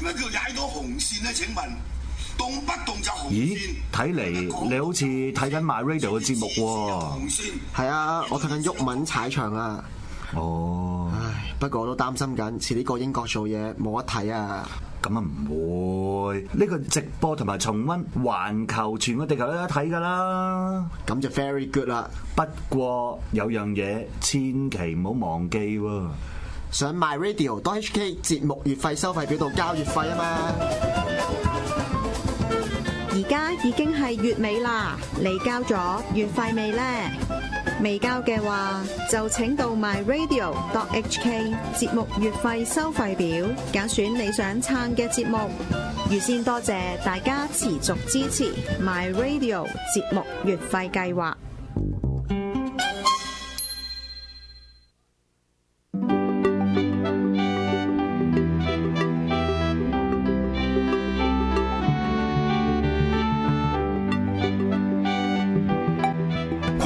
點解叫踩到紅綫咧？請問動不動就紅綫咦，睇嚟、嗯、你好似睇緊 My Radio 嘅節目喎。係啊，我睇緊毓民踩場啊。哦，唉，不過我都擔心緊，似呢個英國做嘢冇得睇啊。咁啊唔會，呢、這個直播同埋重溫，環球，全個地球都有得睇噶啦。咁就 very good 啦。不過有樣嘢，千祈唔好忘記喎、啊。想 myradio.hk 節目月費收費表度交月費啊嘛，而家已經係月尾啦，你交咗月費未呢？未交嘅話，就請到 myradio.hk 節目月費收費表揀選你想撐嘅節目，預先多謝大家持續支持 myradio 節目月費計劃。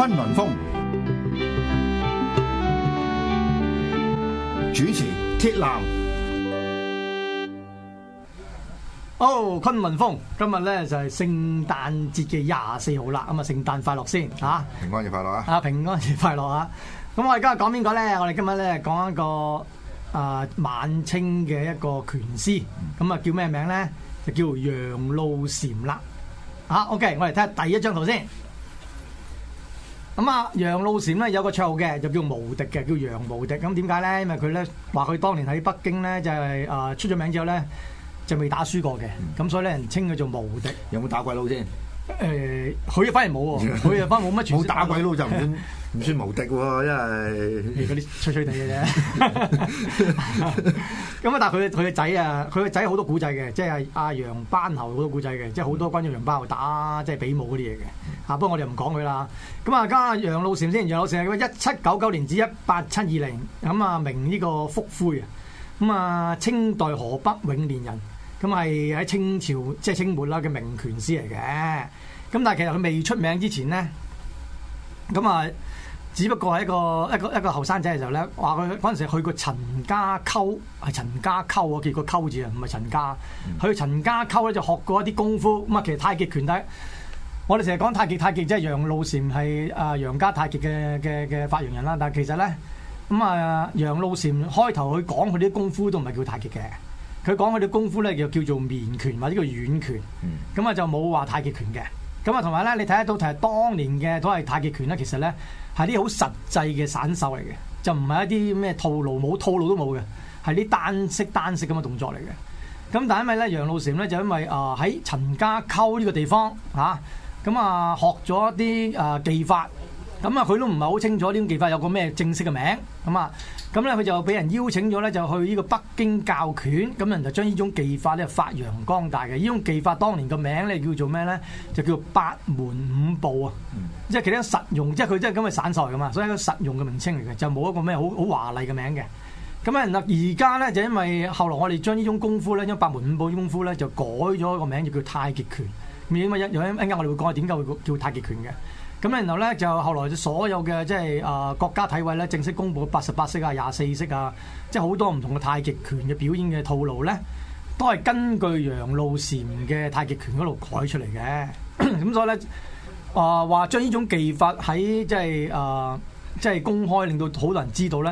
崑崙風主持鐵男，哦，崑崙風，今日咧就係聖誕節嘅廿四號啦，咁啊，聖誕快樂先吓，平安夜快樂啊，啊，平安夜快樂啊，咁我哋今日講邊個咧？我哋今日咧講一個啊晚清嘅一個拳師，咁啊叫咩名咧？就叫楊露禪啦，吓，OK，我哋睇下第一張圖先。咁啊，楊露禪咧有個綽號嘅，就叫無敵嘅，叫楊無敵。咁點解咧？因為佢咧話佢當年喺北京咧就係、是、啊、呃、出咗名之後咧就未打輸過嘅，咁、嗯、所以咧人稱佢做無敵。有冇打鬼佬先？誒，佢又、呃、反而冇喎，佢又 反而冇乜傳奇。冇打鬼佬就唔算唔 算無敵喎，因為嗰啲吹吹地嘅啫。咁啊， 但係佢佢嘅仔啊，佢嘅仔好多古仔嘅，即係阿楊班侯好多古仔嘅，即係好多關於楊班侯打即係比武嗰啲嘢嘅。吓、 啊，不過我哋唔講佢啦。咁啊，家下楊露禪先，楊露禪係咁，一七九九年至一八七二零，咁啊名呢個福魁啊，咁啊清代河北永年人。咁係喺清朝即係、就是、清末啦嘅名拳師嚟嘅，咁但係其實佢未出名之前咧，咁啊，只不過係一個一個一個後生仔嘅時候咧，話佢嗰陣時去過陳家溝，係陳家溝啊，結果溝住啊唔係陳家，嗯、去陳家溝咧就學過一啲功夫，咁啊其實太極拳底，我哋成日講太極太極，即係楊露禪係啊楊家太極嘅嘅嘅發揚人啦，但係其實咧咁啊楊露禪開頭佢講佢啲功夫都唔係叫太極嘅。佢講佢啲功夫咧，又叫做綿拳或者叫軟拳，咁啊、mm. 嗯、就冇話太極拳嘅。咁啊，同埋咧，你睇得到就係當年嘅都係太極拳啦。其實咧係啲好實際嘅散手嚟嘅，就唔係一啲咩套路，冇套路都冇嘅，係啲單式單式咁嘅動作嚟嘅。咁、嗯、但係因為咧，楊露禪咧就因為啊喺、呃、陳家溝呢個地方嚇，咁啊、嗯、學咗一啲誒、呃、技法，咁啊佢都唔係好清楚呢種技法有個咩正式嘅名，咁、嗯、啊。嗯嗯咁咧佢就俾人邀請咗咧，就去呢個北京教拳，咁人就將呢種技法咧發揚光大嘅。呢種技法當年個名咧叫做咩咧？就叫八門五步啊！嗯、即係其實一個實用，即係佢即係咁嘅散財咁啊，所以一個實用嘅名稱嚟嘅，就冇一個咩好好華麗嘅名嘅。咁咧嗱，而家咧就因為後來我哋將呢種功夫咧，將八門五步啲功夫咧就改咗個名叫，就叫太極拳。咁啊，一陣間我哋會講下點解會叫太極拳嘅。咁然後咧就後來，就所有嘅即係啊國家體委咧正式公布八十八式啊、廿四式啊，即係好多唔同嘅太極拳嘅表演嘅套路咧，都係根據楊露禪嘅太極拳嗰度改出嚟嘅。咁 所以咧啊話將呢種技法喺即係啊、呃、即係公開，令到好多人知道咧，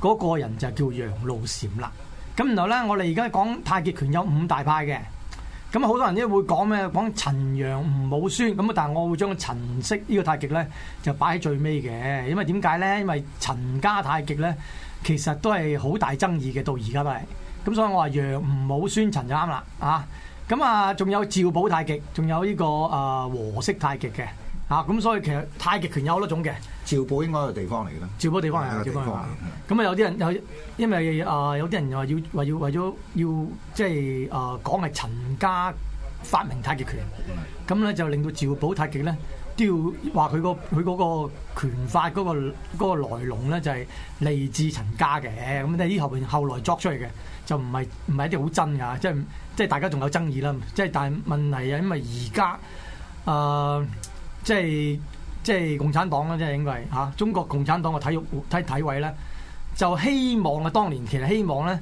嗰、那個人就叫楊露禪啦。咁然後咧，我哋而家講太極拳有五大派嘅。.咁好多人咧會講咩，講陳楊吳武孫咁啊，但係我會將陳式呢個太極咧就擺喺最尾嘅，因為點解咧？因為陳家太極咧其實都係好大爭議嘅，到而家都係。咁所以我話楊吳武孫陳就啱啦，啊咁啊，仲有趙堡太極，仲有呢個啊和式太極嘅，啊咁所以其實太極拳有好多種嘅。趙寶應該係地方嚟嘅啦，趙寶地方係，咁啊有啲人有，因為啊有啲人又話要話要為咗要即係啊講係陳家發明太極拳，咁咧的就令到趙寶太極咧都要話佢個佢嗰個拳法嗰個嗰個來龍咧就係嚟自陳家嘅，咁咧呢後面後來作出嚟嘅就唔係唔係一啲好真㗎，即係即係大家仲有爭議啦，即係但問題啊，因為而家啊即係。就是即係共產黨啦，即係應該係嚇、啊、中國共產黨嘅體育體體委咧，就希望啊！當年其實希望咧，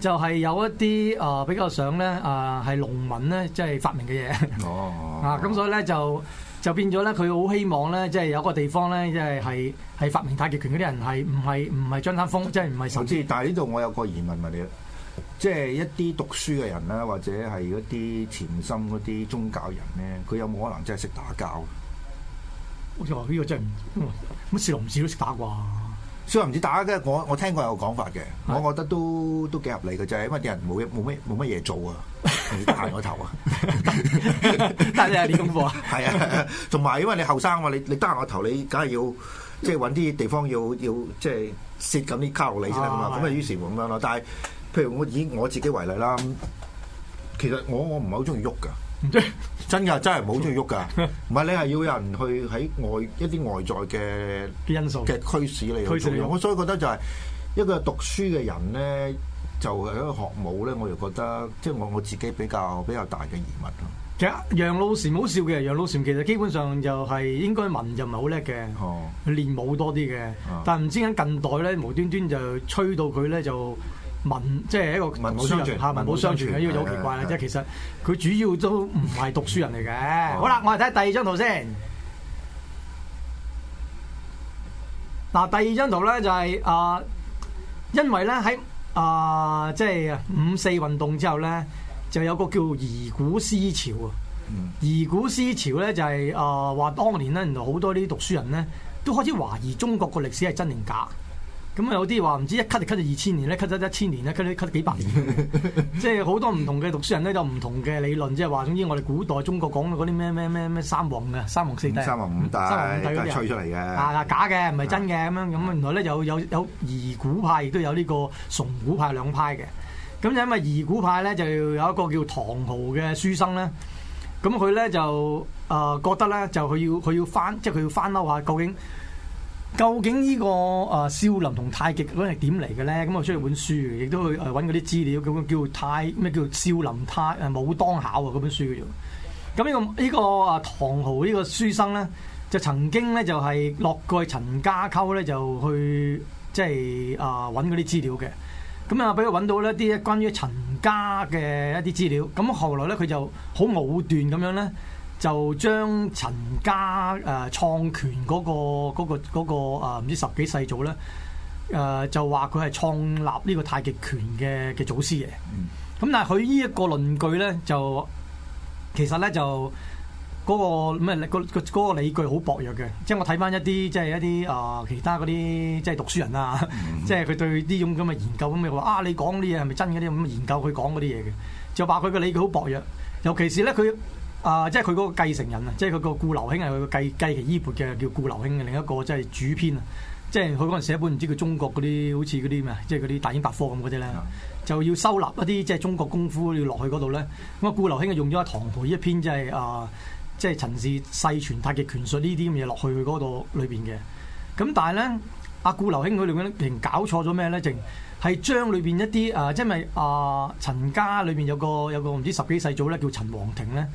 就係、是、有一啲啊、呃、比較想咧啊係農民咧，即係發明嘅嘢。哦，啊咁、嗯、所以咧就就變咗咧，佢好希望咧，即、就、係、是、有個地方咧，即係係係發明太極拳嗰啲人係唔係唔係張三豐，即係唔係？我知，但係呢度我有個疑問問，問你即係、就是、一啲讀書嘅人咧，或者係一啲潛心嗰啲宗教人咧，佢有冇可能真係識打交？我話呢個真係唔乜，少林寺都識打啩。少林寺打嘅，我我聽過有講法嘅，我覺得都都幾合理嘅，就係因為啲人冇冇咩冇乜嘢做啊，你打我頭啊，得閒你係練功課啊，係啊，同埋因為你後生啊嘛，你你得閒我頭你梗係要即係揾啲地方要要即係攝緊啲卡路里先啦嘛，咁啊 於是乎咁樣咯。但係譬如我以我自己為例啦，其實我我唔係好中意喐㗎。 真噶，真係冇中意喐噶，唔係你係要有人去喺外一啲外在嘅 因素嘅驅使嚟。使我所以覺得就係一個讀書嘅人咧，就一度學武咧，我又覺得即係、就是、我我自己比較比較大嘅疑問咯。其實楊露禪好笑嘅，楊露禪其實基本上就係應該文就唔係好叻嘅，嗯、練武多啲嘅，嗯、但係唔知喺近代咧無端,端端就吹到佢咧就。文即係一個讀書人文武相傳嚇，文武相傳嘅呢個就好奇怪啦。對對對對，即係其實佢主要都唔係讀書人嚟嘅。好啦，我哋睇第二張圖先。嗱，第二張圖咧就係、是、啊、呃，因為咧喺啊即係五四運動之後咧，就有個叫疑古思潮啊。疑、嗯、古思潮咧就係啊話，呃、當年咧原來好多啲讀書人咧都開始懷疑中國個歷史係真定假。咁啊有啲話唔知一咳就咳咗二千年咧，咳咗一千年咧，咳得咳得幾百年，即係好多唔同嘅讀書人咧，都有唔同嘅理論，即係話總之我哋古代中國講嗰啲咩咩咩咩三皇嘅三皇四帝，三皇五帝都係吹出嚟嘅、啊、假嘅唔係真嘅咁對 樣。咁原來咧有有有疑古派亦都有呢個崇古派兩派嘅。咁就因為疑古派咧就有一個叫唐豪嘅書生咧，咁佢咧就啊覺得咧就佢要佢要翻即係佢要翻嬲下究竟。究竟呢個誒少林同太極嗰啲係點嚟嘅咧？咁我出咗本書，亦都去誒揾嗰啲資料，叫做叫太咩叫少林太誒武當考啊嗰本書嘅。咁呢、呢個呢個誒唐豪呢個書生咧，就曾經咧就係落過去陳家溝咧，就去即係誒揾嗰啲資料嘅。咁啊，畀佢揾到呢啲關於陳家嘅一啲資料。咁後來咧，佢就好武斷咁樣咧。就將陳家誒創拳嗰個嗰個嗰個誒唔知十幾世祖咧，誒就話佢係創立呢個太極拳嘅嘅祖師爺。咁但係佢呢一個論據咧，就其實咧，就嗰個咁嘅嗰個嗰個理據好薄弱嘅。即係我睇翻一啲即係一啲誒其他嗰啲即係讀書人啊， 即係佢對呢種咁嘅研究咁嘅話啊，你講嗰啲嘢係咪真嗰啲咁嘅研究？佢講嗰啲嘢嘅就話佢嘅理據好薄弱，尤其是咧佢。啊！即係佢嗰個繼承人啊，即係佢個顧留馨係佢繼繼其衣缽嘅，叫顧留馨嘅另一個即係主編啊。即係佢嗰陣寫一本唔知叫中國嗰啲好似嗰啲咩，即係嗰啲大英百科咁嗰啲咧，就要收納一啲即係中國功夫要落去嗰度咧。咁啊，顧留馨係用咗唐培一篇即係啊，即係陳氏世傳太極拳術呢啲咁嘢落去佢嗰度裏邊嘅。咁但係咧，阿顧留馨佢度咧，搞錯咗咩咧？淨係將裏邊一啲啊，即係咪啊，陳家裏邊有個有個唔知十幾世祖咧，叫陳王庭咧。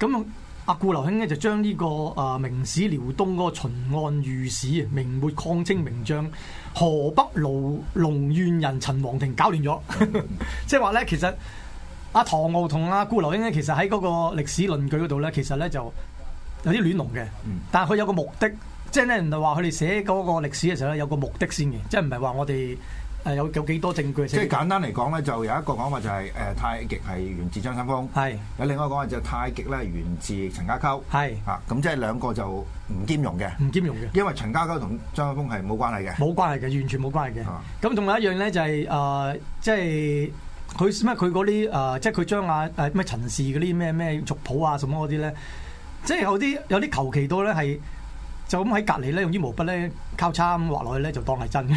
咁阿顧留馨呢，就將呢個啊，明史遼東嗰個秦案御史啊，明末抗清名將河北盧龍縣人陳王庭搞亂咗，即係話咧，其實阿唐豪同阿顧留馨呢，其實喺嗰個歷史論據嗰度咧，其實咧就有啲亂龍嘅，但係佢有個目的，即係咧人哋話佢哋寫嗰個歷史嘅時候咧有個目的先嘅，即係唔係話我哋。誒，有有幾多證據？即係簡單嚟講咧，就有一個講法就係誒，太極係源自張三豐。係是。有另外一個講法就太極咧，源自陳家溝。係是。啊、嗯，咁即係兩個就唔兼容嘅。唔兼容嘅。因為陳家溝同張三豐係冇關係嘅。冇關係嘅，完全冇關係嘅。咁仲是有一樣咧，就係、是、誒、呃，即係佢咩？佢嗰啲誒，即係佢將阿誒咩陳氏嗰啲咩咩族譜啊，什麼嗰啲咧，即係有啲有啲求其多咧係。就咁喺隔離咧，用啲毛筆咧，交叉咁畫落去咧，就當係真嘅。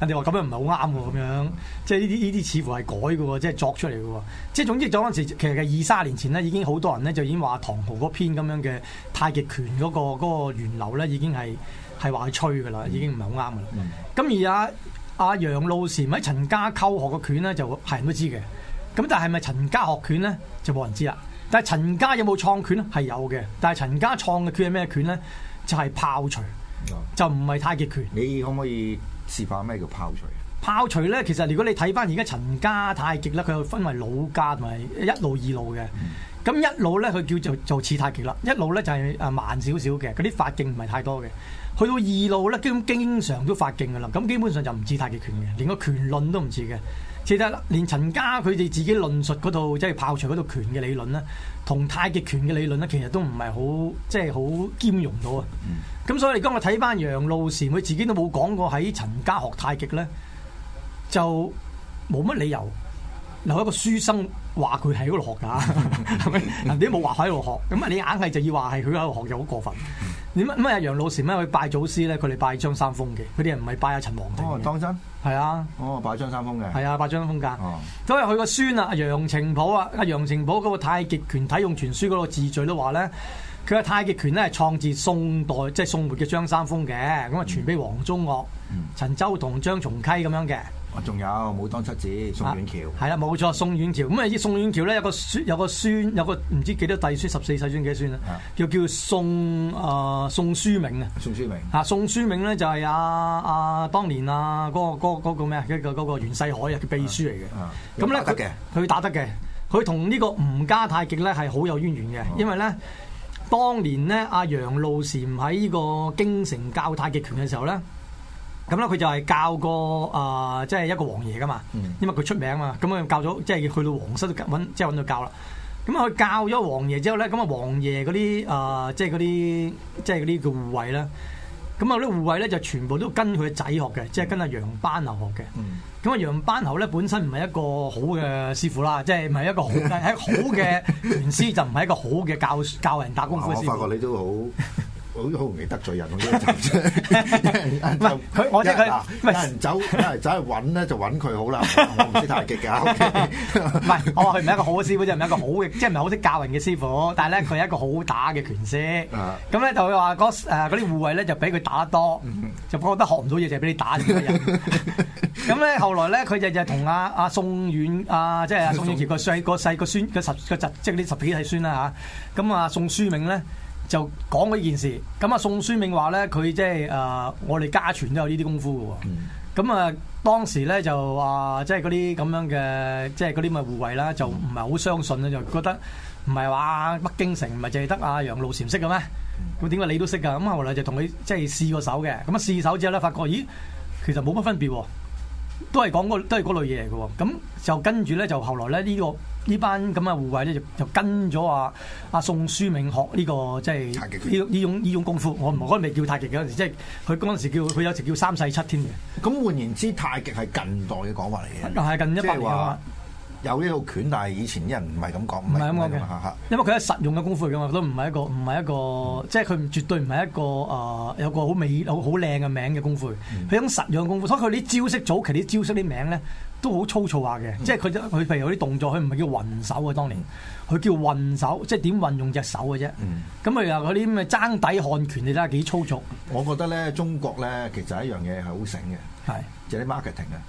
人哋話咁樣唔係好啱喎，咁樣即係呢啲呢啲，似乎係改嘅喎，即係作出嚟嘅喎。即係總之，早陣時其實係二三十年前咧，已經好多人咧就已經話唐豪嗰篇咁樣嘅太極拳嗰、嗰個嗰個源流咧，已經係係話佢吹嘅啦，已經唔係好啱嘅啦。咁 而阿、啊、阿楊露禪喺陳家溝學嘅拳咧，就係人都知嘅。咁但係係咪陳家學拳咧，就冇人知啦。但係陳家有冇創拳咧，係有嘅。但係陳家創嘅拳係咩拳咧？就係炮捶， 就唔係太極拳。你可唔可以示範咩叫炮捶啊？炮捶咧，其實如果你睇翻而家陳家太極咧，佢又分為老家同埋一路二路嘅。咁 一路咧，佢叫做就似太極啦。一路咧就係誒慢少少嘅，嗰啲發勁唔係太多嘅。去到二路咧，基本經常都發勁嘅啦。咁基本上就唔似太極拳嘅，連個拳論都唔似嘅。其實啦，連陳家佢哋自己論述嗰套，即係炮捶嗰套拳嘅理論咧，同太極拳嘅理論咧，其實都唔係好即係好兼容到啊。咁、嗯、所以當我睇翻楊露禪，佢自己都冇講過喺陳家學太極咧，就冇乜理由。留一個書生話佢喺嗰度學㗎，係咪？人哋都冇話喺度學，咁啊，你硬係就要話係佢喺度學就好過分。點解咁啊，阿楊老師乜去拜祖師咧？佢哋拜張三豐嘅，佢哋唔係拜阿陳王。哦，當真？係啊。哦，拜張三豐嘅。係啊，拜張三豐㗎、哦。因為佢個孫啊，阿楊程普啊，阿楊程普嗰個《太極拳體用全書》嗰個自序都話咧，佢個太極拳咧係創自宋代，即係宋末嘅張三豐嘅，咁啊傳俾王宗岳、陳州同、張松溪咁樣嘅。仲有武當七子宋遠橋，係啦，冇錯，宋遠橋。咁啊，宋遠橋咧有個孫，有個孫，有個唔知幾多弟孫，十四世孫幾孫啦。叫叫宋啊、呃、宋書明，宋明，宋明啊，宋書明啊，宋書明咧就係阿阿當年啊嗰、那個嗰咩啊嗰個嗰、那個那個那個、袁世凱啊嘅秘書嚟嘅。咁咧佢打得嘅，佢同呢個吳家太極咧係好有淵源嘅，嗯、因為咧當年咧阿楊露禪喺呢個京城教太極拳嘅時候咧。咁啦，佢、嗯、就係教個誒，即係一個王爺噶嘛，因為佢出名啊嘛，咁啊教咗，即係去到皇室即係揾到教啦。咁啊，佢教咗王爺之後咧，咁啊，王爺嗰啲誒，即係嗰啲，即係嗰啲叫護衛啦。咁啊，啲護衛咧就全部都跟佢仔學嘅，即係跟阿楊班侯學嘅。咁阿楊班侯咧本身唔係一個好嘅師傅啦，即係唔係一個好嘅，係好嘅拳師就唔係一個好嘅教教人打功夫嘅師傅。好好容易得罪人，我都要走。佢我即係，一人走，走去揾咧就揾佢好啦。我唔知太極嘅，唔係我話佢唔係一個好嘅師傅，即係唔係一個好嘅，即係唔係好識教人嘅師傅。但係咧，佢係一個好打嘅拳師。咁咧就佢話嗰啲護衛咧就俾佢打多，就覺得學唔到嘢就係俾你打。咁咧後來咧，佢日日同阿阿宋遠阿即係阿宋英傑個細個細個孫個侄即係啲十幾世孫啦嚇。咁阿宋書銘咧。就講嗰件事，咁啊宋宣明話咧，佢即係啊，我哋家傳都有呢啲功夫嘅喎。咁啊、嗯嗯、當時咧就話，即係嗰啲咁樣嘅，即係嗰啲咪護衞啦，就唔係好相信啊，就覺得唔係話北京城唔係淨係得阿楊露禪識嘅咩？咁點解你都識㗎？咁後來就同佢即係試過手嘅，咁啊試手之後咧，發覺咦，其實冇乜分別喎，都係講都係嗰類嘢嚟嘅喎。咁、嗯、就跟住咧就後來咧、這、呢個。呢班咁嘅護衞咧就就跟咗阿阿宋書銘學呢、這個即係呢呢種呢種，種，種功夫。我唔可以未叫太極嘅，嗯、即係佢嗰陣時叫佢有時叫三世七天嘅。咁、嗯、換言之，太極係近代嘅講法嚟嘅。係近一百年有呢套拳，但係以前啲人唔係咁講。唔係咁講嘅，因為佢係實用嘅功夫嚟嘅嘛，都唔係一個唔係一個，即係佢唔絕對唔係一個啊、呃、有個好美好好靚嘅名嘅功夫。佢種實用功夫，所以佢啲招式早期啲招式啲名咧。都好粗糙下嘅，即係佢佢譬如有啲動作，佢唔係叫運手嘅，當年佢叫運手，即係點運用隻手嘅啫。咁啊、嗯，又嗰啲咩爭底漢拳，你睇下幾粗糙。我覺得咧，中國咧其實有一樣嘢係好醒嘅。係。marketing 啊，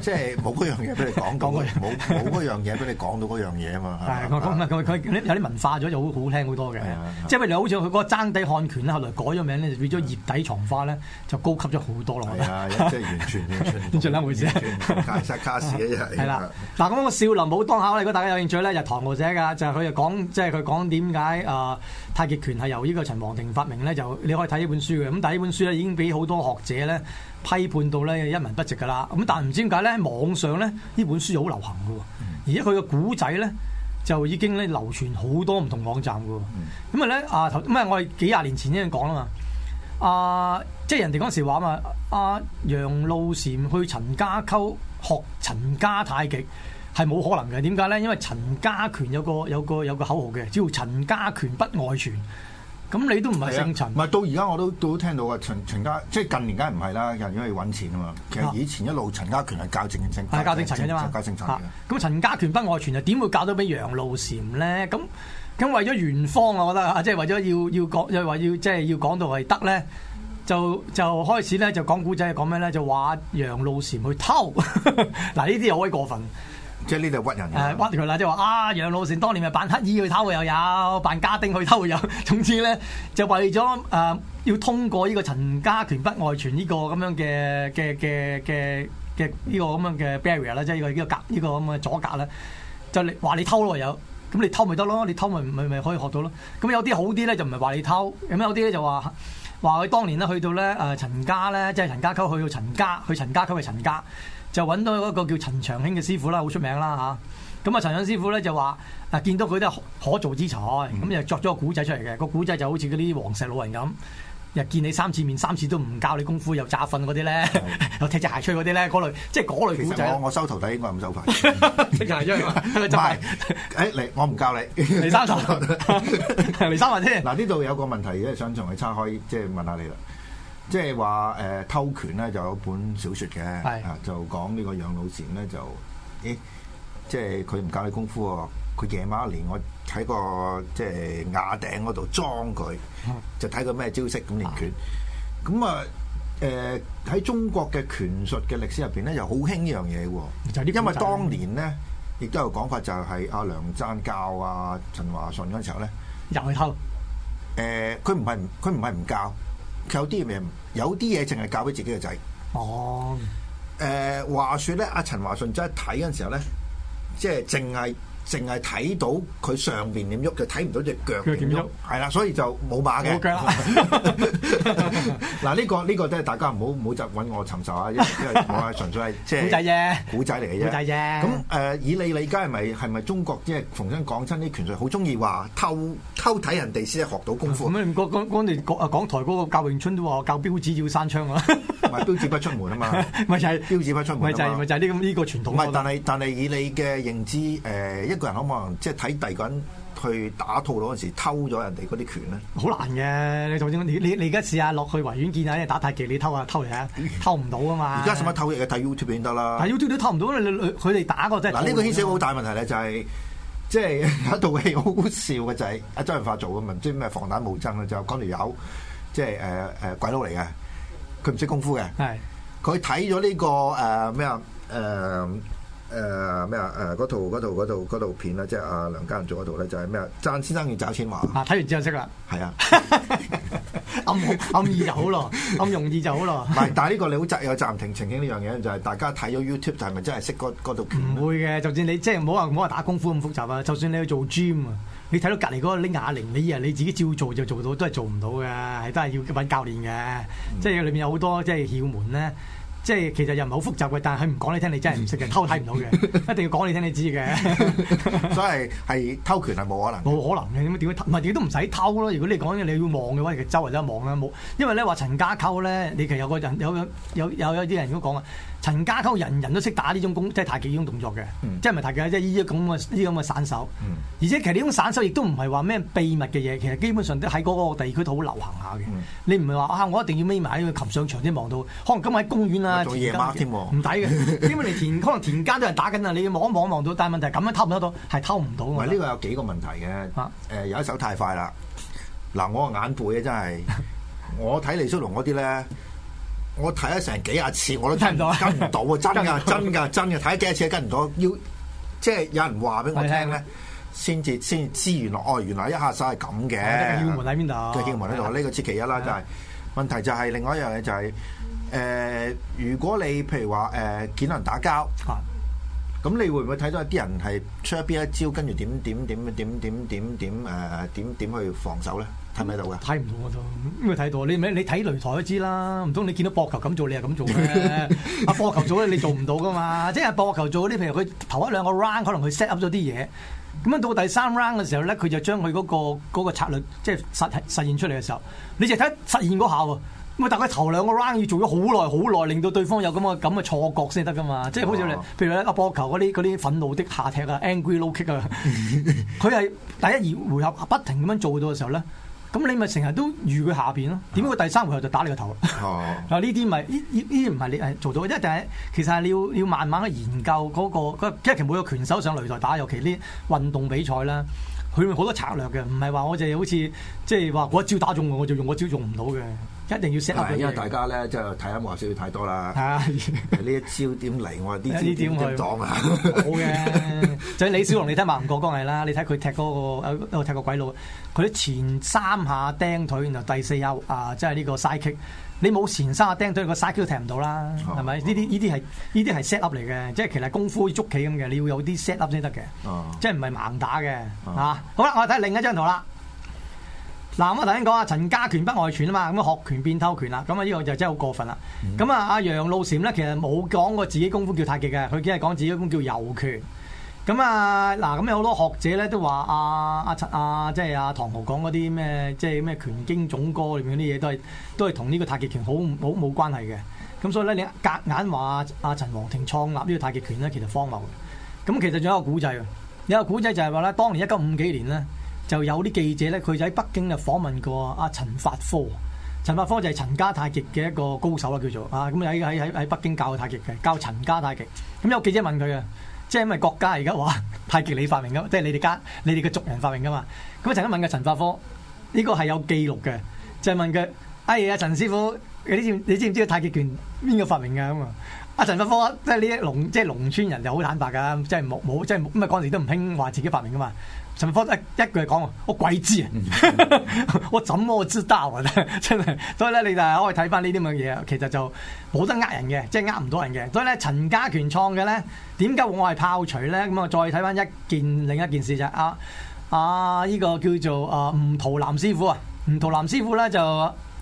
即係冇嗰樣嘢俾你講，冇冇嗰樣嘢俾你講到嗰樣嘢啊嘛，係我講啊，佢有啲文化咗就好好聽好多嘅，即係譬如好似佢嗰個爭地漢拳咧，後來改咗名咧，變咗葉底藏花咧，就高級咗好多咯，我覺得即係完全完全兩回事，係啦，嗱咁個少林武當考，我哋覺得大家有興趣咧，就唐豪寫噶，就係佢就講，即係佢講點解誒太極拳係由呢個陳王庭發明咧，就你可以睇呢本書嘅，咁但係呢本書已經俾好多學者咧批判到咧一文值噶啦，咁但係唔知點解咧？網上咧呢本書又好流行噶，而且佢嘅古仔咧就已經咧流傳好多唔同網站噶，咁啊咧啊，唔係我哋幾廿年前已經講啦嘛，阿、啊、即係人哋嗰時話嘛，阿、啊、楊露禪去陳家溝學陳家太極係冇可能嘅，點解咧？因為陳家拳有個有個有個口號嘅，只要陳家拳不外傳。咁你都唔係姓陳，唔係到而家我都都聽到啊，陳陳家即係近年梗係唔係啦，人要去揾錢啊嘛。其實以前一路陳家拳係教正正，係教正陳嘅嘛。咁陳家拳不外傳又點會教到俾楊露禪咧？咁、啊、咁為咗元芳，我覺得即係為咗要要講又話要即係要講到係得咧，就是就是、就，就開始咧就講古仔，講咩咧？就話楊露禪去偷嗱，呢啲又可以過分。即係呢度屈人，誒屈掉佢啦！即係話啊，楊露禪當年咪扮乞兒去偷又有，扮家丁去偷又有。總之咧，就為咗誒、呃、要通過呢個陳家拳不外傳呢個咁樣嘅嘅嘅嘅嘅呢個咁、這個、樣嘅 barrier 啦，即係呢個呢個隔呢個咁嘅阻隔啦，就你話你偷咯有，咁你偷咪得咯，你偷咪咪咪可以學到咯。咁有啲好啲咧就唔係話你偷，咁有啲咧就話話佢當年咧去到咧誒陳家咧，即、就、係、是、陳家溝去到陳家，去陳家溝去陳家。就揾到一個叫陳長興嘅師傅啦，好出名啦嚇。咁啊陳長師傅咧就話啊見到佢都係可可造之才，咁又作咗個古仔出嚟嘅。個古仔就好似嗰啲黃石老人咁，又見你三次面，三次都唔教你功夫，又詐瞓嗰啲咧，嗯、又踢隻鞋出去嗰啲咧，嗰類即係嗰類古仔。其實我我收徒弟應該唔收牌，識行 出嘛。唔係，嚟 我唔教你，嚟三十，嚟 三萬文先。嗱呢度有個問題嘅，想同你岔開即係問下你啦。即係話誒偷拳咧，就有本小説嘅是、啊，就講個呢個養老錢咧就，咦、欸，即係佢唔教你功夫喎、哦，佢夜晚一年我，我喺個即係瓦頂嗰度裝佢，就睇佢咩招式咁練拳。咁啊誒喺中國嘅拳術嘅歷史入邊咧，又好興呢樣嘢喎，因為當年咧亦都有講法，就係阿、啊、梁贊教啊陳華順嗰時候咧入去偷。誒佢唔係佢唔係唔教。佢有啲咩？有啲嘢淨係教俾自己嘅仔。哦，誒，話說咧，阿陳華順真係睇嗰陣時候咧，即係淨係。淨係睇到佢上邊點喐，就睇唔到隻腳點喐。係啦，所以就冇馬嘅。冇腳啦。嗱呢個呢、這個都係大家唔好唔好就揾我尋仇啊！因為我係純粹係即古仔啫。古仔嚟嘅啫。古仔啫。咁誒、呃，以你嚟講，係咪係咪中國即係逢親講親啲拳術，好中意話偷偷睇人哋先學到功夫？咁啊、嗯嗯，講講啊，港台嗰個教詠春都話教標指要閂窗啊，唔係標指不出門啊嘛。咪就係標指不出門。咪 就係、是、咪就係呢咁呢個傳統但。但係但係以你嘅認知誒。呃 一個人可唔可能即係睇第二個人去打套路嗰時偷咗人哋嗰啲拳咧？好難嘅，你究竟你你而家試下落去維園見下，因打太極你偷下、啊，偷嚟、啊、偷唔到啊偷嘛！而家使乜偷嘢啊？睇 YouTube 先得啦。睇 YouTube 都偷唔到，佢哋打過、啊、個真嗱呢個牽涉好大問題咧、就係，就係即係一套戲好笑嘅就係阿周潤發做嘅，即係咩防彈無爭咧，就講條友即係誒誒鬼佬嚟嘅，佢唔識功夫嘅是、呃，佢睇咗呢個誒咩啊誒？誒咩、呃、啊？誒嗰套嗰套嗰套嗰套片咧，即係、啊、阿梁家仁做嗰套咧，就係、是、咩啊？贊先生要找錢話啊，睇完之後識啦。係啊， 暗好暗易就好咯，暗容易就好咯。唔 但係呢個你好有暫停情景呢樣嘢就係、是、大家睇咗 YouTube 就係咪真係識嗰套片？唔會嘅，就算你即係唔好話唔好話打功夫咁複雜啊。就算你去做 gym 啊，你睇到隔離嗰個拎啞鈴，你以為你自己照做就做到，都係做唔到嘅，係都係要揾教練嘅。即係裏面有好多即係竅門咧。嗯即係其實又唔係好複雜嘅，但係佢唔講你聽，你真係唔識嘅，偷睇唔到嘅， 一定要講你聽，你知嘅。 所以係偷拳係冇可能，冇可能嘅，點解都唔係，點都唔使偷咯。如果你講嘢，你要望嘅話，其實周圍都有望啦。冇。因為咧話陳家溝咧，你其實有個人有有有有，有有有有啲人如果講啊。陳家溝人人都識打呢種功，即係太極呢種動作嘅、嗯，即係唔係太極，即係呢啲咁嘅呢咁嘅散手。嗯、而且其實呢種散手亦都唔係話咩秘密嘅嘢，其實基本上都喺嗰個地區度好流行下嘅。嗯、你唔係話啊，我一定要眯埋喺個琴上牆先望到。可能今日喺公園啦，唔抵嘅。基本你田 可能田間都人打緊啊，你要望一望望到。但係問題咁樣偷唔得到，係偷唔到。係呢個有幾個問題嘅。誒、呃、有一手太快啦。嗱，我眼背啊，真係我睇黎叔龍嗰啲咧。 我睇咗成幾廿次，我都聽唔到，跟唔到啊！真噶的，真噶，真噶的、嗯，睇咗幾廿次跟唔到。要即係有人話俾我聽咧，先至先知原來哦，原來一下手係咁嘅。劍門喺邊度？嘅門喺度，呢個知其一啦，就係問題就係另外一樣嘢就係誒，如果你譬如話誒、呃、見到人打交，咁你會唔會睇到有啲人係出邊一招，跟住點點點點點點點誒點點去防守咧？睇唔喺度睇唔到我都，咁睇到？你你睇擂台都知啦，唔通你見到博球咁做，你又咁做嘅？阿博 球做咧，你做唔到噶嘛？即係博球做嗰啲，譬如佢頭一兩個 round，可能佢 set up 咗啲嘢，咁樣到第三 round 嘅時候咧，佢就將佢嗰、嗰個嗰個策略即係實實現出嚟嘅時候，你就睇實現嗰下喎。咁啊，但佢頭兩個 round 要做咗好耐好耐，令到對方有咁嘅咁嘅錯覺先得噶嘛？即係好似你譬如咧阿博球嗰啲嗰啲憤怒的下踢啊，angry low kick 啊，佢係第一二回合不停咁樣做到嘅時候咧。咁你咪成日都預佢下邊咯？點解佢第三回合就打你個頭？啊呢啲咪呢呢呢唔係你係做到，一定係其實係你要要慢慢去研究嗰個。佢係每個拳手上擂台打，尤其啲運動比賽啦，佢好多策略嘅，唔係話我哋好似即係話我一招打中，我就用我招用唔到嘅。一定要 set，因為大家咧即係睇啱話少太多啦。係啊，呢一招點嚟，我啲點去講啊？冇嘅，就李小龍，你睇猛龍過江係啦。你睇佢踢嗰個，踢個鬼佬，佢啲前三下釘腿，然後第四下啊，即係呢個 side kick。你冇前三下釘腿，個 side kick 都踢唔到啦，係咪？呢啲呢啲係呢啲係 set up 嚟嘅，即係其實功夫捉棋咁嘅，你要有啲 set up 先得嘅，即係唔係盲打嘅啊？好啦，我睇另一張圖啦。嗱，咁啊頭先講啊，陳家拳不外傳啊嘛，咁啊學拳變偷拳啦，咁啊呢個就真係好過分啦。咁啊、mm，阿、hmm. 楊露禪咧其實冇講過自己功夫叫太極嘅，佢只係講自己功夫叫柔拳。咁啊，嗱，咁有好多學者咧都話阿阿陳阿即係阿、啊、唐豪講嗰啲咩即係咩拳經總歌裏邊啲嘢都係都係同呢個太極拳好唔冇關係嘅。咁所以咧、啊，你隔硬話阿阿陳王庭創立呢個太極拳咧，其實荒謬。咁其實仲有一個古仔，有一個古仔就係話咧，當年一九五幾年咧。就有啲記者咧，佢就喺北京就訪問過阿、啊、陳發科，陳發科就係陳家太極嘅一個高手啦，叫做啊，咁喺喺喺北京教太極嘅，教陳家太極。咁、嗯、有記者問佢啊，即係因為國家而家話太極你發明嘅，即係你哋家你哋嘅族人發明嘅嘛。咁、嗯、啊，曾經問過陳發科呢、呢個係有記錄嘅，就係、係、問佢，哎呀，陳師傅，你知唔知，知道太極拳邊個發明嘅？咁、嗯、啊，阿陳發科即係呢啲農，即係農，農村人就好坦白㗎，即係冇冇，即係咁啊，嗰陣時都唔興話自己發明㗎嘛。陳科一一句講，我鬼知啊！ 我怎麼知道啊？ 真係，所以咧，你就可以睇翻呢啲咁嘅嘢，其實就冇得呃人嘅，即係呃唔到人嘅。所以咧，陳家拳創嘅咧，點解我係炮捶咧？咁啊，再睇翻一件另一件事就啊啊呢、這個叫做啊吳圖南師傅啊，吳圖南師傅咧就。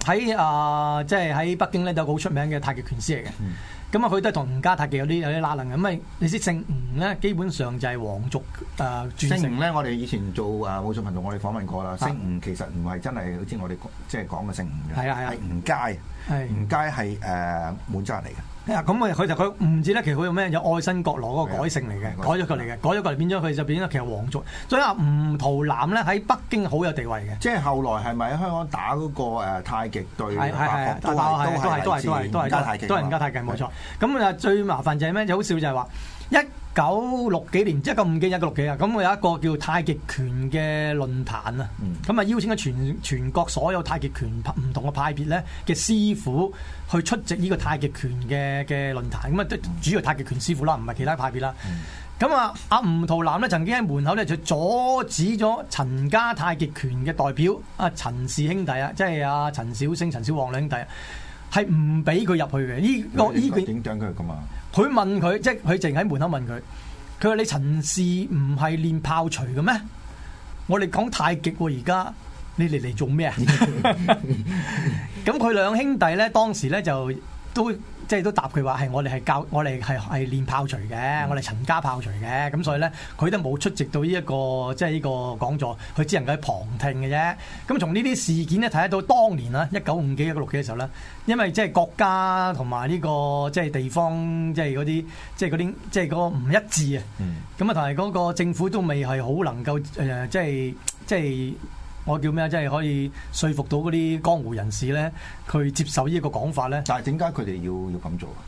喺啊，即係喺北京咧，都有個好出名嘅太極拳師嚟嘅。咁啊，佢都係同吳家太極有啲有啲拉能嘅。咁啊，你識姓吳咧，基本上就係皇族啊，轉姓吳咧。我哋以前做啊，武術頻道我哋訪問過啦。姓吳其實唔係真係，好似我哋即係講嘅姓吳嘅。係啊係啊。係、啊、吳家，係吳家係誒滿洲人嚟嘅。咁啊，佢就佢唔知咧，其實佢用咩？有愛新覺羅嗰個改姓嚟嘅，改咗佢嚟嘅，改咗佢嚟變咗，佢就變咗其實皇族。所以阿吳圖南咧，喺北京好有地位嘅。即係後來係咪喺香港打嗰個太極隊？係係係，都係都係是都係都係都係都係都係都係太極，冇錯都係都係都係都係都係都係都係都九六幾年，即係九五幾、九六幾啊！咁我有一個叫太極拳嘅論壇啊，咁啊、嗯、邀請咗全全國所有太極拳唔同嘅派別咧嘅師傅去出席呢個太極拳嘅嘅論壇，咁啊都主要太極拳師傅啦，唔係其他派別啦。咁、嗯、啊，阿吳圖南咧曾經喺門口咧就阻止咗陳家太極拳嘅代表阿陳氏兄弟啊，即係阿陳小星、陳小旺兩兄弟。係唔俾佢入去嘅，呢個呢個，影獎佢噶嘛？佢問佢，即係佢淨喺門口問佢，佢話你陳氏唔係練炮錘嘅咩？我哋講太極喎，而家你嚟嚟做咩啊？咁佢兩兄弟咧，當時咧就都。即係都答佢話係我哋係教我哋係係練炮捶嘅，我哋陳家炮捶嘅。咁所以咧佢都冇出席到呢、這、一個即係呢個講座，佢只能夠喺旁聽嘅啫。咁從呢啲事件咧睇得到當年啦，一九五幾一個六幾嘅時候咧，因為即係國家同埋呢個即係地方即係嗰啲即係嗰啲即係嗰個唔一致啊。咁啊，同埋嗰個政府都未係好能夠誒、呃，即係即係。我叫咩？即係可以說服到嗰啲江湖人士咧，佢接受呢一個講法咧。但係點解佢哋要要咁做啊？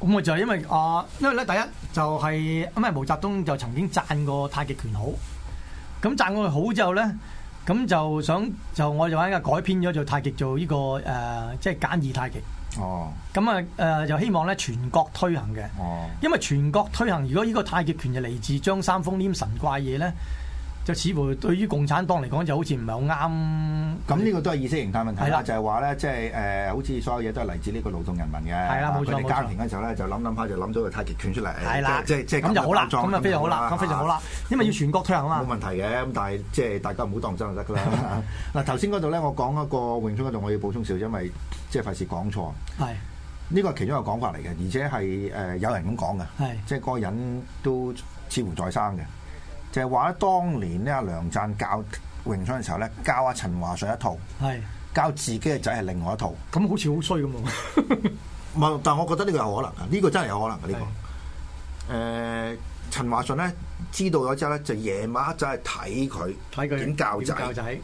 咁啊就係因為啊、呃，因為咧第一就係咁啊，毛澤東就曾經讚過太極拳好。咁讚過佢好之後咧，咁就想就我就喺度改編咗做太極、這個，做呢個誒，即、就、係、是、簡易太極。哦。咁啊誒，就希望咧全國推行嘅。哦。因為全國推行，如果呢個太極拳就嚟自張三豐黏神怪嘢咧。就似乎對於共產黨嚟講，就好似唔係好啱。咁呢個都係意識形態問題啦，就係話咧，即係誒，好似所有嘢都係嚟自呢個勞動人民嘅。係啊，冇錯冇錯。家庭嘅時候咧，就諗諗下，就諗咗個太極拳出嚟。係啦，即係即係咁樣組裝咁啊，非常好啦，咁非常好啦。因為要全國推行啊嘛。冇問題嘅，咁但係即係大家唔好當真就得㗎啦。嗱，頭先嗰度咧，我講一個詠春嗰度，我要補充少少，因為即係費事講錯。係。呢個係其中一個講法嚟嘅，而且係誒有人咁講嘅。係。即係嗰個人都似乎在生嘅。就係話咧，當年呢，阿梁湛教詠春嘅時候咧，教阿陳華順一套，是教自己嘅仔係另外一套。咁好似好衰咁喎。唔， 但係我覺得呢個有可能，呢、這個真係有可能嘅呢個。誒是、呃，陳華順咧知道咗之後咧，就夜晚就係睇佢，睇佢他點教仔，仔、就是。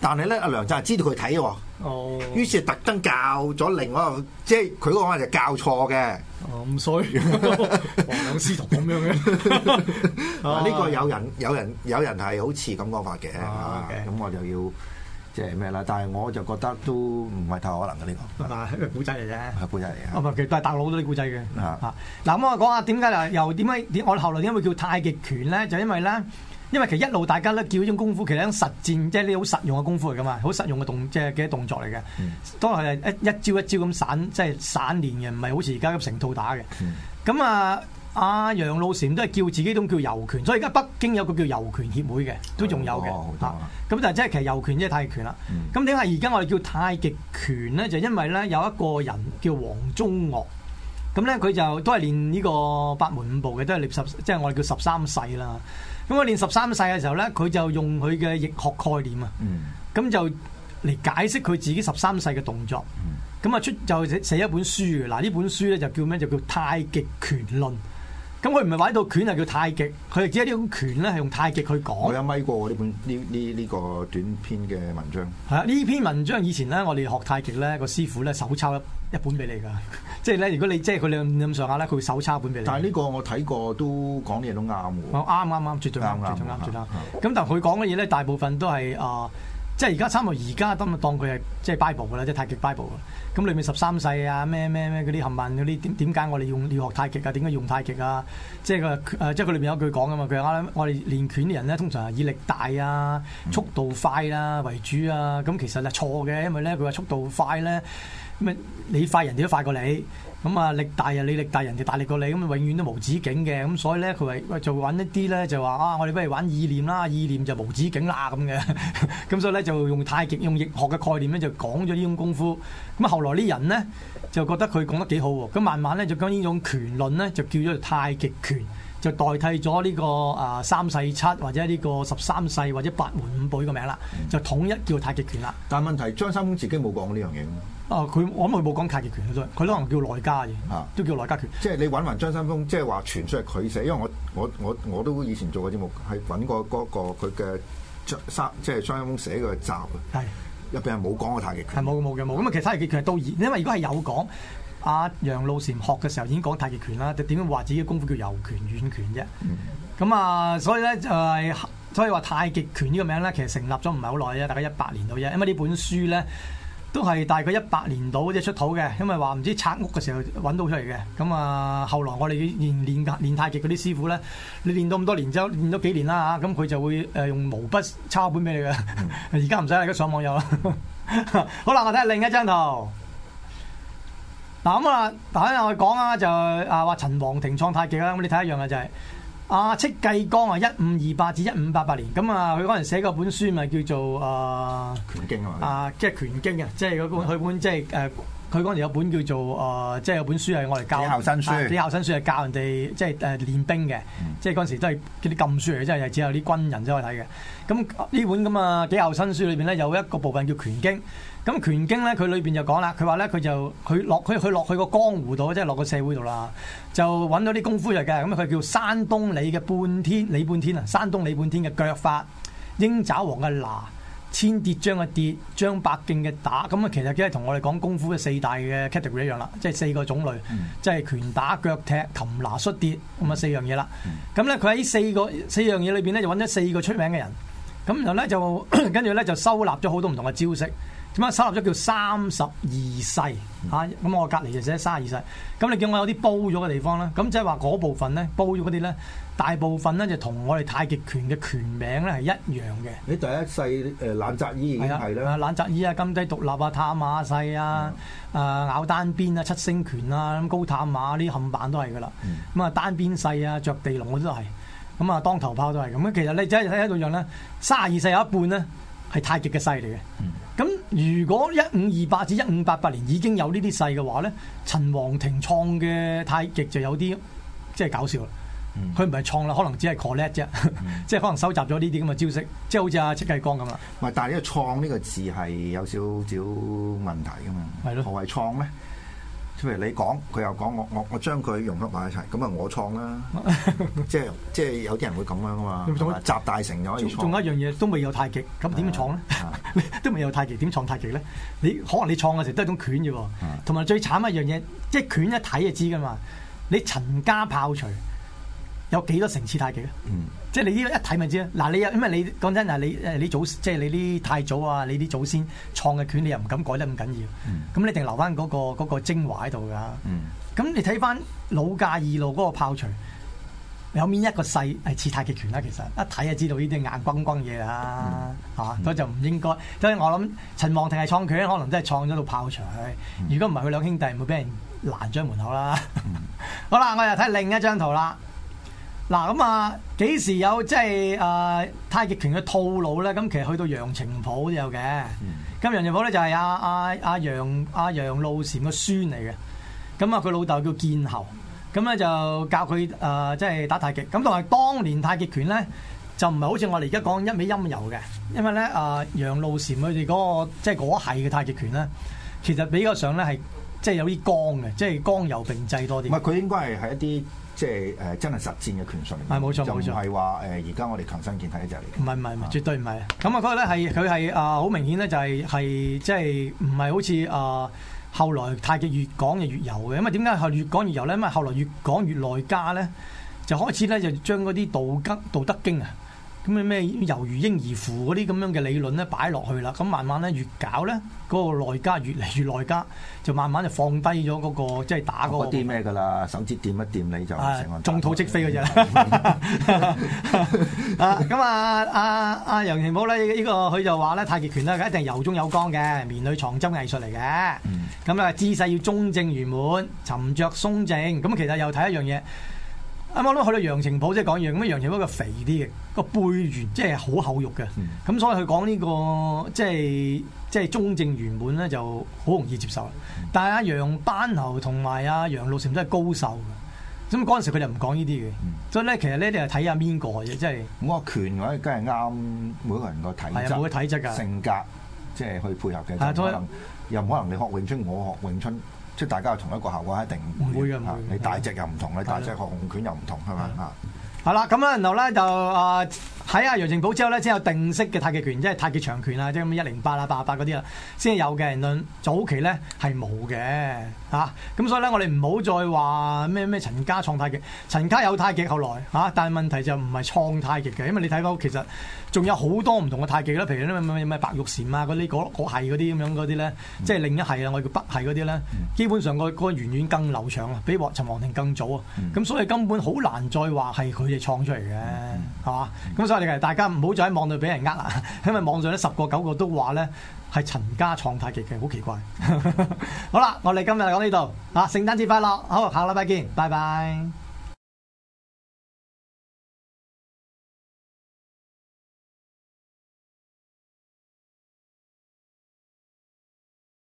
但係咧，阿梁贊知道佢睇喎。哦，於是特登教咗另外，一個即係佢嗰個可能就教錯嘅。咁衰、啊，黃 師徒咁樣嘅。呢、 啊這個有人、有人、有人係好似咁講法嘅。咁、啊 okay, 啊、我就要即係咩啦？但係我就覺得都唔係太可能嘅呢個。嗱、啊，係古仔嚟啫？係古仔嚟嘅。其實、啊、都係大佬都啲古仔嘅。嗱、啊，咁、啊、我講下點解啦？由點解我後來點解會叫太極拳咧？就是、因為咧。因為其實一路大家都叫呢種功夫，其實一種實戰，即係啲好實用嘅功夫嚟噶嘛，好實用嘅動即係嘅動作嚟嘅。當然係一朝一招一招咁散，即、就、係、是、散練嘅，唔係好似而家咁成套打嘅。咁、mm. 啊，阿楊露禪都係叫自己都叫柔拳，所以而家北京有個叫柔拳協會嘅，都仲有嘅嚇。咁、哎哦啊、但係即係其實柔拳即係太極拳啦。咁點解而家我哋叫太極拳咧？就是、因為咧有一個人叫王宗岳，咁咧佢就都係練呢個八門五步嘅，都係練十即係、就是、我哋叫十三勢啦。咁我練十三勢嘅時候咧，佢就用佢嘅易學概念啊，咁、嗯、就嚟解釋佢自己十三勢嘅動作。咁啊出就寫一本書嘅，嗱呢本書咧就叫咩？就叫太極拳論。咁佢唔係話，呢到拳啊，叫太極，佢係只係呢種拳咧，係用太極去講。我有咪過喎呢本呢呢呢個短篇嘅文章。係啊，呢篇文章以前咧，我哋學太極咧，個師傅咧手抄一。一本俾你噶，即係咧，如果你即係佢兩咁上下咧，佢會手抄本俾你。但係呢個我睇過都講嘢都啱嘅。啱啱啱，絕對啱，絕對啱，絕對啱。咁但係佢講嘅嘢咧，大部分都係啊、呃，即係而家差唔多而家都咪當佢係即係 bible 噶啦，即係太極 bible 噶。咁裏面十三世啊，咩咩咩嗰啲含混嗰啲點點解我哋用要學太極啊？點解用太極啊？即係佢誒，即係佢裏面有句講噶嘛？佢話我哋練拳嘅人咧，通常係以力大啊、速度快啦、啊、為主啊。咁其實係錯嘅，因為咧佢話速度快咧、啊。咩？你快人哋都快過你，咁啊力大啊，你力大力人哋大力過你，咁永遠都無止境嘅。咁所以咧佢為就揾一啲咧就話啊，我哋不如玩意念啦，意念就無止境啦咁嘅。咁 所以咧就用太極用易學嘅概念咧就講咗呢種功夫。咁啊後來啲人咧就覺得佢講得幾好，咁慢慢咧就將呢種拳論咧就叫咗太極拳，就代替咗呢個啊三世七或者呢個十三世或者八門五步嘅名啦，就統一叫太極拳啦。嗯。但係問題，張三豐自己冇講呢樣嘢。啊！佢、哦、我諗佢冇講太極拳，佢可能叫內家嘅，啊、都叫內家拳、啊。即係你揾埋張三豐，即係話傳出係佢寫，因為我我我我都以前做過節目，係揾過嗰、那個佢嘅張三，即係張三豐寫嘅集。係入邊係冇講過太極拳，係冇冇嘅冇。咁其實太極拳都而，因為如果係有講，阿、啊、楊露禪學嘅時候已經講太極拳啦，就點樣話自己嘅功夫叫柔拳軟拳啫。咁、嗯、啊，所以咧、就、誒、是，所以話太極拳呢個名咧，其實成立咗唔係好耐啫，大概一百年到啫。因為呢本書咧。都係大概一百年到，即係出土嘅，因為話唔知拆屋嘅時候揾到出嚟嘅。咁啊，後來我哋練練練太極嗰啲師傅咧，你練到咁多年，之後練咗幾年啦吓，咁佢就會誒用毛筆抄本俾你嘅。而家唔使啦，而家 上網有啦。 好啦，我睇下另一張圖。嗱咁啊，等我講啊，就啊話陳王庭創太極啦，咁你睇一樣嘅就係、是。阿戚繼光啊，一五二八至一五八八年，咁啊，佢可能寫過本書咪叫做啊《拳經》啊，啊，即係《拳經》啊，即係嗰本佢本書。佢嗰陣時有本叫做誒、呃，即係有本書係我嚟教紀效新書，啲、啊、紀效新書係教人哋即係誒練兵嘅，嗯、即係嗰陣時都係啲禁書嚟，即、就、係、是、只有啲軍人先可以睇嘅。咁呢本咁啊紀效新書裏邊咧有一個部分叫拳經，咁拳經咧佢裏邊就講啦，佢話咧佢就佢落佢佢落去個江湖度，即係落個社會度啦，就揾到啲功夫嚟嘅，咁佢叫山東李嘅半天李半天啊，山東李半天嘅腳法，鷹爪王嘅拿。千跌張嘅跌，張伯敬嘅打，咁啊，其實即係同我哋講功夫嘅四大嘅 category 一樣啦，即係四個種類，即係拳打腳踢、擒拿摔跌，咁啊四樣嘢啦。咁咧，佢喺四個四樣嘢裏邊咧，就揾咗四個出名嘅人，咁然後咧就跟住咧就收納咗好多唔同嘅招式。點解成立咗叫三十二世嚇？咁、嗯啊、我隔籬就寫三十二世。咁你見我有啲煲咗嘅地方啦。咁即係話嗰部分咧煲咗嗰啲咧，大部分咧就同我哋太極拳嘅拳名咧係一樣嘅。你第一世誒懶紮衣係啦，懶紮衣啊金雞、啊、獨立啊探馬世啊啊，啊咬單邊啊七星拳啊咁高探馬啲冚板都係噶啦。咁啊、嗯嗯、單邊世啊着地龍我都係。咁、嗯、啊當頭炮都係咁。其實你即係睇度樣咧，三十二世有一半咧係太極嘅勢嚟嘅。嗯嗯嗯咁如果一五二八至一五八八年已經有呢啲勢嘅話咧，陳王庭創嘅太極就有啲即係搞笑啦。佢唔係創啦，可能只係 collect 啫，嗯、 即係可能收集咗呢啲咁嘅招式，即係好似阿戚繼光咁啦。唔係，但係呢個創呢個字係有少少問題㗎嘛。係咯是的，何謂創咩？譬如你講，佢又講，我我我將佢融合埋一齊，咁啊我創啦， 即係即係有啲人會咁樣啊嘛，集 大成咗要創，仲有一樣嘢，都未有太極，咁點樣創咧？ 都未有太極，點創太極咧？你可能你創嘅時候都係種拳啫喎，同埋的最慘一樣嘢，即一拳一睇就知噶嘛。你陳家炮捶，有幾多成次太極咧？嗯即係你呢一睇咪知啦，嗱你又因為你講真嗱，你誒你祖即係你啲、就是、太祖啊，你啲祖先創嘅拳你又唔敢改得咁緊要，咁、嗯、你定留翻嗰、那個那個精華喺度噶。咁、嗯、你睇翻老架二路嗰個炮捶，有邊一個勢係似太極拳啦、啊，其實一睇就知道呢啲眼光光嘢啦嚇，所以就唔應該。所以我諗陳王庭係創拳，可能真係創咗套炮捶。如果唔係佢兩兄弟，唔會俾人攔咗門口啦。 好啦，我又睇另一張圖啦。嗱咁啊，幾時有即係誒、呃、太極拳嘅套路咧？咁其實去到楊澄甫都有嘅。咁、嗯、楊澄甫咧就係阿阿阿楊阿、啊、楊露禪嘅孫嚟嘅。咁啊，佢老豆叫健侯，咁咧就教佢誒、呃、即係打太極。咁同埋當年太極拳咧，就唔係好似我哋而家講一味陰柔嘅，因為咧阿、呃、楊露禪佢哋嗰個即係嗰一系嘅太極拳咧，其實比較上咧係即係有啲剛嘅，即係剛柔並濟多啲。唔係佢應該係喺一啲。即係誒，真係實戰嘅拳術嚟。係冇錯，冇錯，唔係話而家我哋強身健體嘅就嚟。唔係唔係，是錯絕對唔係。咁啊、嗯，佢咧係佢係啊，好、 呃、明顯咧、就是，就係係即係唔係好似啊、呃、後來太極越講就越柔嘅。因為點解係越講越柔咧？因為後來越講越內家咧，就開始咧就將嗰啲道德道德經啊。咁咩咩猶如嬰兒扶嗰啲咁樣嘅理論咧擺落去啦，咁慢慢咧越搞咧嗰、嗰個內家越嚟越內家，就慢慢就放低咗嗰個即係打嗰啲咩噶啦，手指掂一掂，你就中土即飛嘅啫。咁啊，阿、啊、阿、啊啊、楊廷寶咧呢個佢就話咧，太極拳咧，一定係由中有剛嘅，棉裏藏針藝術嚟嘅。咁、嗯、啊，姿勢要中正圓滿，沉着、鬆、啊、靜。咁其實又睇一樣嘢。啱啱都去到楊澄甫，即係講嘢。咁啊，楊澄甫個肥啲嘅，個背圓，即係好厚肉嘅。咁、嗯、所以佢講呢個即係即係中正圓滿咧，就好容易接受。嗯、但係阿楊班侯同埋阿楊露禪都係高瘦嘅，咁嗰陣時佢就唔講呢啲嘅。所以咧，嗯、以其實呢，你係睇下邊個嘅，即係。咁啊，拳嘅話，梗係啱每個人體每個體質、體質、性格，即係去配合嘅。又唔的的可，可能你學詠春，我學詠春。即係大家係同一個效果，一定唔會嘛。會會你大隻又唔同，的你大隻學紅拳又唔同，係咪啊？係啦的，咁啦的，然後咧就啊，喺阿楊澄甫之後咧，先有定式嘅太極拳，即係太極長拳啊，即係咁一零八啊、八十八嗰啲啦，先有嘅。人論早期咧係冇嘅。嚇！咁所以咧，我哋唔好再話咩咩陳家創太極，陳家有太極後來嚇，但係問題就唔係創太極嘅，因為你睇到其實仲有好多唔同嘅太極啦，譬如咩白玉蟾啊嗰啲嗰係嗰啲咁樣嗰啲咧，即係另一係啊，我叫北係嗰啲咧，基本上個個源遠更流長啊，比陳王庭更早啊，咁所以根本好難再話係佢哋創出嚟嘅，係嘛？咁所以你哋大家唔好再喺網度俾人呃啦，因為網上咧十個九個都話咧。係陳家創太極嘅，好奇怪。 好啦，我哋今日講呢度，啊聖誕節快樂，好，下禮拜見，拜拜。